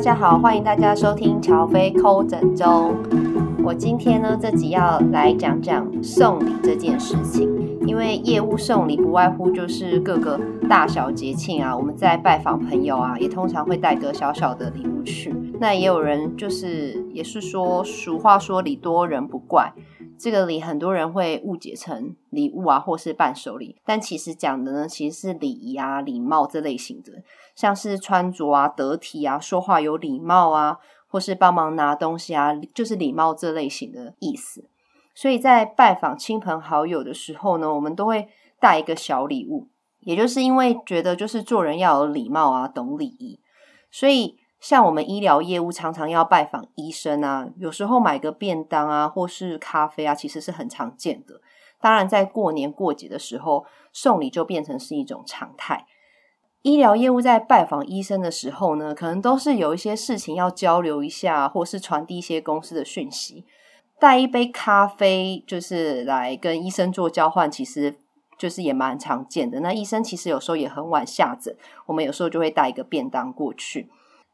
大家好，歡迎大家收聽喬飛摳整週。我今天呢，這集要來講講送禮這件事情，因為業務送禮不外乎就是各個大小節慶啊，我們在拜訪朋友啊，也通常會帶個小小的禮物去。那也有人就是，也是說，俗話說“禮多人不怪”。這個禮很多人會誤解成禮物啊，或是伴手禮，但其實講的呢，其實是禮儀啊、禮貌，這類型的，像是穿着啊得體啊、說話有禮貌啊，或是幫忙拿東西啊，就是禮貌這類型的意思。所以在拜訪親朋好友的時候呢，我們都會帶一個小禮物，也就是因為覺得就是做人要有禮貌啊，懂禮儀，所以。像我們醫療業務常常要拜訪醫生啊，有時候買個便當啊，或是咖啡啊，其實是很常見的。當然，在過年過節的時候，送禮就變成是一種常態。醫療業務在拜訪醫生的時候呢，可能都是有一些事情要交流一下，或是傳遞一些公司的訊息。帶一杯咖啡就是來跟醫生做交換，其實就是也蠻常見的。那醫生其實有時候也很晚下診，我們有時候就會帶一個便當過去。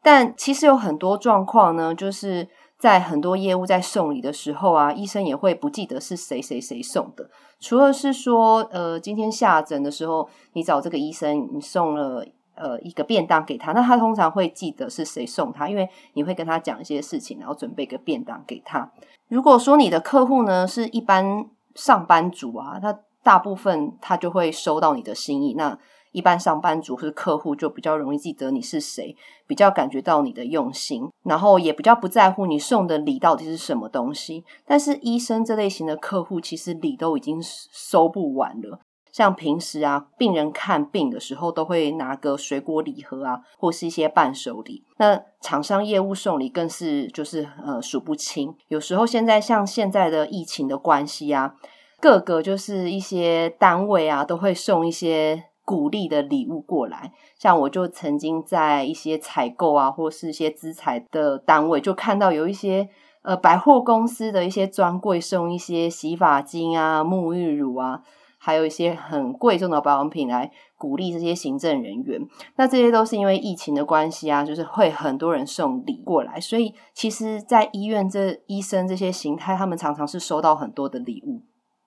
但其實有很多狀況呢，就是在很多業務在送禮的時候啊，醫生也會不記得是誰誰誰送的。除了是說，呃，今天下診的時候，你找這個醫生，你送了呃一個便當給他，那他通常會記得是誰送他，因為你會跟他講一些事情，然後準備個便當給他。如果說你的客戶呢，是一般上班族啊，那大部分他就會收到你的心意，那。一般上班族或者客戶就比較容易記得你是誰，比較感覺到你的用心，然後也比較不在乎你送的禮到底是什麼東西。但是醫生這類型的客戶，其實禮都已經收不完了。像平時啊，病人看病的時候都會拿個水果禮盒啊，或是一些伴手禮。那廠商業務送禮更是就是呃數不清。有時候現在像現在的疫情的關係啊，各個就是一些單位啊都會送一些，鼓勵的禮物過來，像我就曾經在一些採購啊，或是一些資材的單位，就看到有一些呃百貨公司的一些專櫃送一些洗髮精啊、沐浴乳啊，還有一些很貴重的保養品來鼓勵這些行政人員。那這些都是因為疫情的關係啊，就是會很多人送禮過來，所以其實，在醫院這醫生這些形態，他們常常是收到很多的禮物。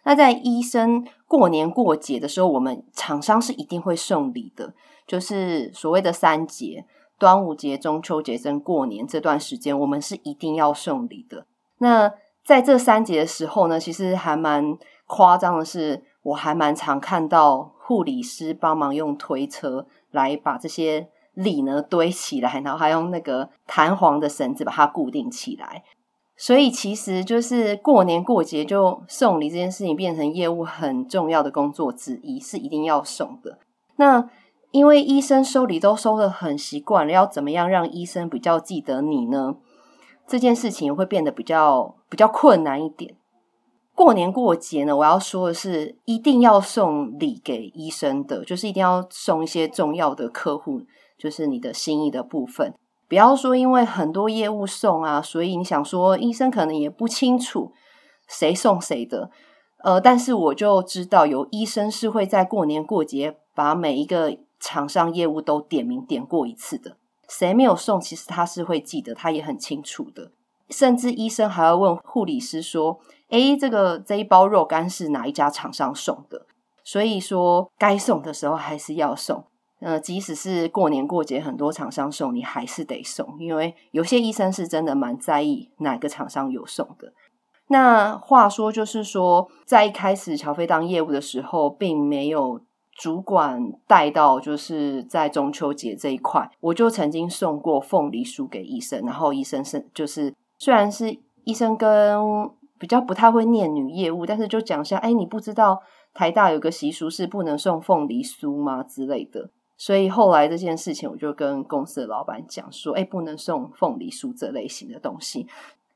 那在醫生過年過節的時候，我們廠商是一定會送禮的，就是所謂的三節：端午節、中秋節、跟過年這段時間，我們是一定要送禮的。那在這三節的時候呢，其實還蠻誇張的是，是我還蠻常看到護理師幫忙用推車來把這些禮呢堆起來，然後還用那個彈簧的繩子把它固定起來。所以其實就是過年過節就送禮這件事情，變成業務很重要的工作之一，是一定要送的。那因為醫生收禮都收得很習慣了，要怎麼樣讓醫生比較記得你呢？這件事情也會變得比較比較困難一點。過年過節呢，我要說的是，一定要送禮給醫生的，就是一定要送一些重要的客戶，就是你的心意的部分。不要說，因為很多業務送啊，所以你想說醫生可能也不清楚誰送誰的，呃，但是我就知道有醫生是會在過年過節把每一個廠商業務都點名點過一次的，誰沒有送，其實他是會記得，他也很清楚的。甚至醫生還要問護理師說：“誒，這個這一包肉乾是哪一家廠商送的？”所以說該送的時候還是要送。呃，即使是過年過節，很多廠商送，你還是得送，因為有些醫生是真的蠻在意哪個廠商有送的。那話說，就是說，在一開始喬飛當業務的時候，並沒有主管帶到，就是在中秋節這一塊，我就曾經送過鳳梨酥給醫生，然後醫生是就是雖然是醫生跟比較不太會念女業務，但是就講一下，哎，你不知道台大有個習俗是不能送鳳梨酥嗎之類的。所以後來這件事情，我就跟公司的老板講說：“哎，不能送鳳梨酥這類型的東西。”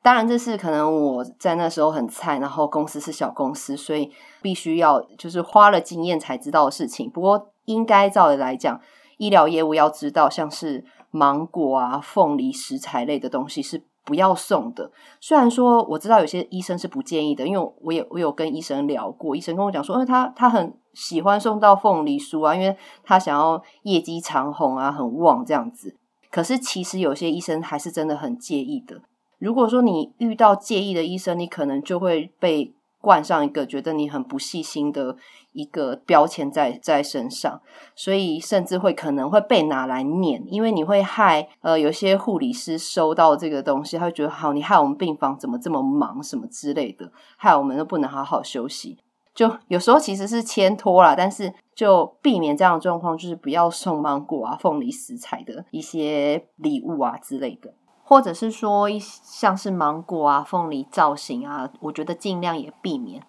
當然，這是可能我在那時候很菜，然後公司是小公司，所以必須要就是花了經驗才知道的事情。不過，應該照理來講，醫療業務要知道，像是芒果啊、鳳梨、食材類的東西是不要送的。雖然說我知道有些醫生是不建議的，因為我也我有跟醫生聊過，醫生跟我講說：“因、嗯、為他他很。”喜歡送到鳳梨酥啊，因為他想要業績長紅啊，很旺這樣子。可是其實有些醫生還是真的很介意的。如果說你遇到介意的醫生，你可能就會被冠上一個覺得你很不細心的一個標籤在在身上，所以甚至會可能會被拿來念，因為你會害呃有些護理師收到這個東西，他會覺得好，你害我們病房怎麼這麼忙，什麼之類的，害我們都不能好好休息。就有時候其實是牽拖啦，但是就避免這樣的狀況，就是不要送芒果啊、鳳梨食材的一些禮物啊之類的，或者是說像是芒果啊、鳳梨造型啊，我覺得盡量也避免。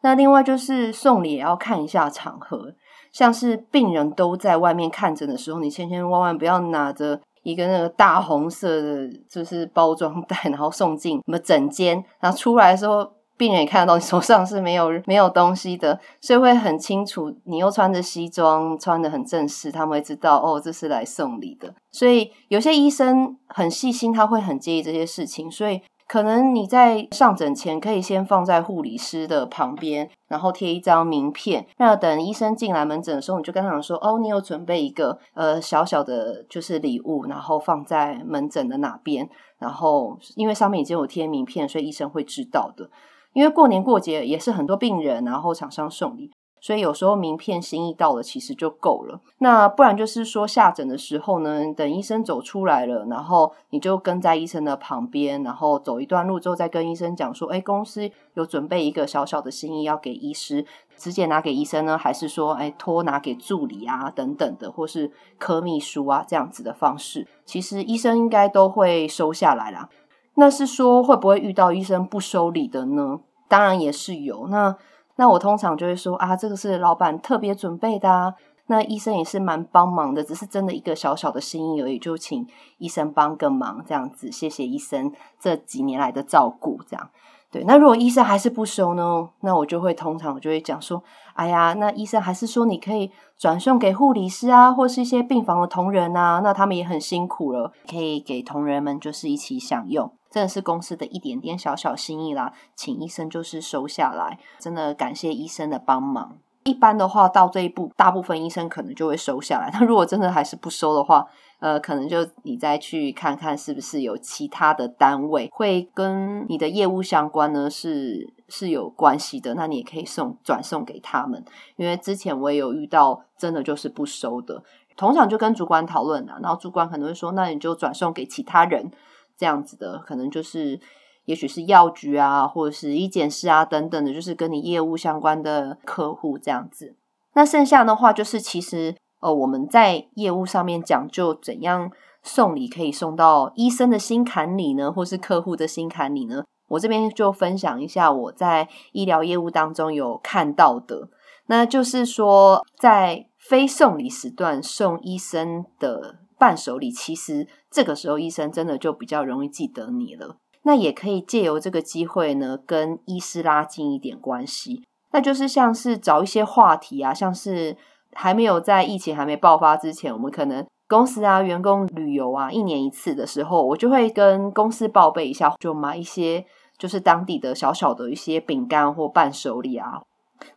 那另外就是送禮也要看一下場合，像是病人都在外面看診的時候，你千千萬萬不要拿着一個那個大紅色的，就是包裝袋，然後送進什麼診間，然後出來的時候。病人也看得到你手上是沒有沒有東西的，所以會很清楚。你又穿着西裝，穿得很正式，他們會知道哦，這是來送禮的。所以有些醫生很細心，他會很介意這些事情。所以可能你在上診前可以先放在護理師的旁邊，然後貼一張名片。那等醫生進來門診的時候，你就跟他講說：“哦，你有準備一個呃小小的，就是禮物，然後放在門診的哪邊？然後因為上面已經有貼名片，所以醫生會知道的。”因為過年過節也是很多病人，然後廠商送禮，所以有時候名片心意到了其實就夠了。那不然就是說下診的時候呢，等醫生走出來了，然後你就跟在醫生的旁邊，然後走一段路之後再跟醫生講說，誒、哎、公司有準備一個小小的心意要給醫師，直接拿給醫生呢，還是說，誒、哎、托拿給助理啊等等的，或是科秘書啊這樣子的方式，其實醫生應該都會收下來啦。那是說會不會遇到醫生不收禮的呢？當然也是有。那那我通常就會說啊，這個是老闆特別準備的啊，那醫生也是蠻幫忙的，只是真的一個小小的心意而已，就請醫生幫個忙這樣子。謝謝醫生這幾年來的照顧，這樣對。那如果醫生還是不收呢，那我就會通常我就會講說，哎呀，那醫生還是說你可以轉送給護理師啊，或是一些病房的同仁啊，那他們也很辛苦了，可以給同仁們就是一起享用。真的是公司的一點點小小心意啦，請醫生就是收下來，真的感謝醫生的幫忙。一般的話到這一步，大部分醫生可能就會收下來。那如果真的還是不收的話，呃，可能就你再去看看是不是有其他的單位會跟你的業務相關呢，是是有關係的，那你也可以送轉送給他們。因為之前我也有遇到真的就是不收的，通常就跟主管討論啦，然後主管可能會說，那你就轉送給其他人。這樣子的，可能就是，也許是藥局啊，或者是醫檢師啊等等的，就是跟你業務相關的客戶這樣子。那剩下的話，就是其實，呃，我們在業務上面講究怎樣送禮可以送到醫生的心坎裡呢，或是客戶的心坎裡呢？我這邊就分享一下我在醫療業務當中有看到的，那就是說，在非送禮時段送醫生的。伴手禮，其實這個時候醫生真的就比較容易記得你了。那也可以借由這個機會呢，跟醫師拉近一點關係。那就是像是找一些話題啊，像是還沒有，在疫情還沒爆發之前，我們可能公司啊、員工旅遊啊，一年一次的時候，我就會跟公司報備一下，就買一些就是當地的小小的一些餅乾或伴手禮啊。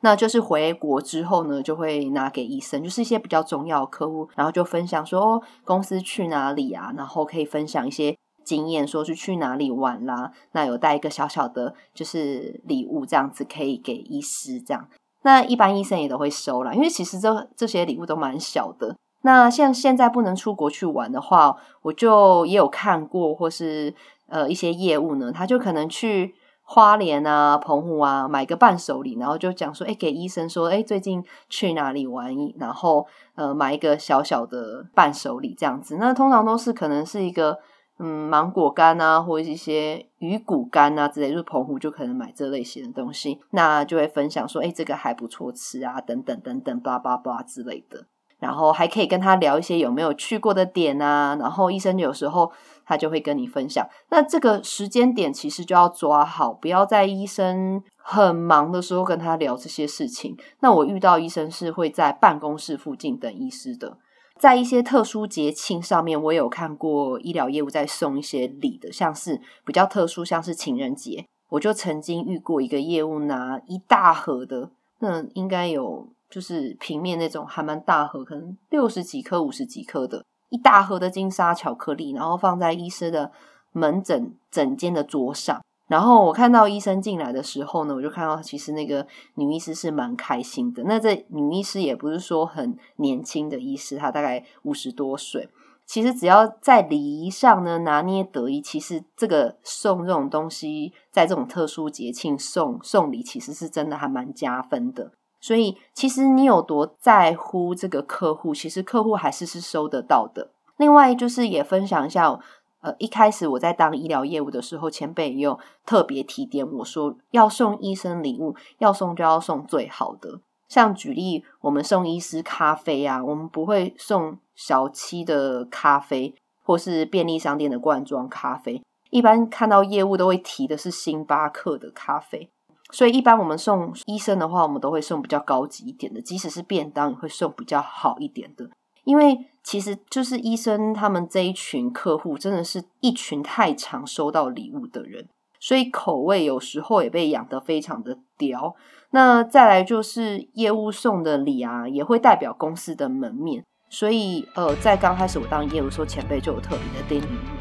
那就是回國之後呢，就會拿給醫生，就是一些比較重要的客戶，然後就分享說、哦、公司去哪裡啊，然後可以分享一些經驗，說是去哪裡玩啦。那有帶一個小小的，就是禮物這樣子，可以給醫師這樣。那一般醫生也都會收啦，因為其實這這些禮物都蠻小的。那像現在不能出國去玩的話，我就也有看過，或是呃一些業務呢，他就可能去。花蓮啊，澎湖啊，買個伴手禮，然後就講說，誒，給醫生說，誒，最近去哪裡玩？然後，呃，買一個小小的伴手禮這樣子。那通常都是可能是一個，嗯，芒果乾啊，或者一些魚骨乾啊之類的，就是澎湖就可能買這類型的東西。那就會分享說，誒，這個還不錯吃啊，等等等等，巴拉巴拉之類的。然後還可以跟他聊一些有沒有去過的點啊。然後醫生有時候。他就會跟你分享。那這個時間點其實就要抓好，不要在醫生很忙的時候跟他聊這些事情。那我遇到醫生是會在辦公室附近等醫師的。在一些特殊節慶上面，我有看過醫療業務在送一些禮的，像是比較特殊，像是情人節，我就曾經遇過一個業務拿一大盒的，那應該有就是平面那種，還蠻大盒，可能六十幾顆、五十幾顆的。一大盒的金沙巧克力，然後放在醫師的門診診間的桌上。然後我看到醫生進來的時候呢，我就看到其實那個女醫師是蠻開心的。那這女醫師也不是說很年輕的醫師，她大概五十多歲。其實只要在禮儀上呢拿捏得宜，其實這個送這種東西，在這種特殊節慶送送禮，其實是真的還蠻加分的。所以，其實你有多在乎這個客戶，其實客戶還是是收得到的。另外，就是也分享一下，呃，一開始我在當醫療業務的時候，前輩也有特別提點我說，要送醫生禮物，要送就要送最好的。像舉例，我們送醫師咖啡啊，我們不會送小七的咖啡，或是便利商店的罐裝咖啡。一般看到業務都會提的是星巴克的咖啡。所以一般我們送醫生的話，我們都會送比較高級一點的，即使是便當也會送比較好一點的。因為其實就是醫生他們這一群客戶，真的是一群太常收到禮物的人，所以口味有時候也被養得非常的刁。那再來就是業務送的禮啊，也會代表公司的門面，所以呃，在剛開始我當業務說，前輩就有特別的叮囑。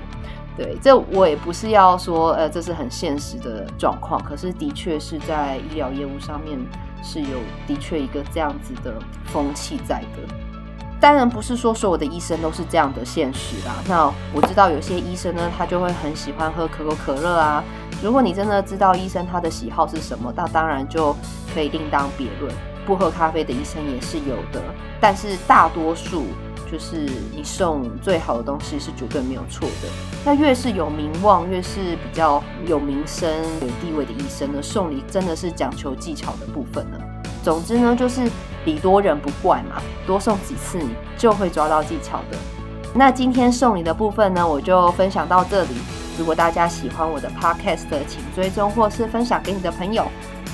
對，這我也不是要說，呃，這是很現實的狀況。可是，的確是在醫療業務上面是有的確一個這樣子的風氣在的。當然，不是說所有的醫生都是這樣的現實啦。那我知道有些醫生呢，他就會很喜歡喝可口可樂啊。如果你真的知道醫生他的喜好是什麼，那當然就可以另當別論。不喝咖啡的醫生也是有的，但是大多數。就是你送最好的東西是絕對沒有錯的。那越是有名望，越是比較有名聲、有地位的醫生呢，送禮真的是講求技巧的部分呢。總之呢，就是禮多人不怪嘛，多送幾次你就會抓到技巧的。那今天送禮的部分呢，我就分享到這裡。如果大家喜歡我的 podcast，請追蹤或是分享給你的朋友。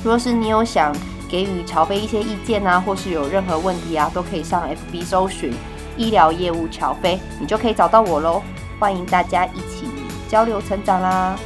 如果是你有想給予喬飛一些意見啊，或是有任何問題啊，都可以上 FB 搜尋。醫療業務喬飛，你就可以找到我嘍！歡迎大家一起交流成長啦！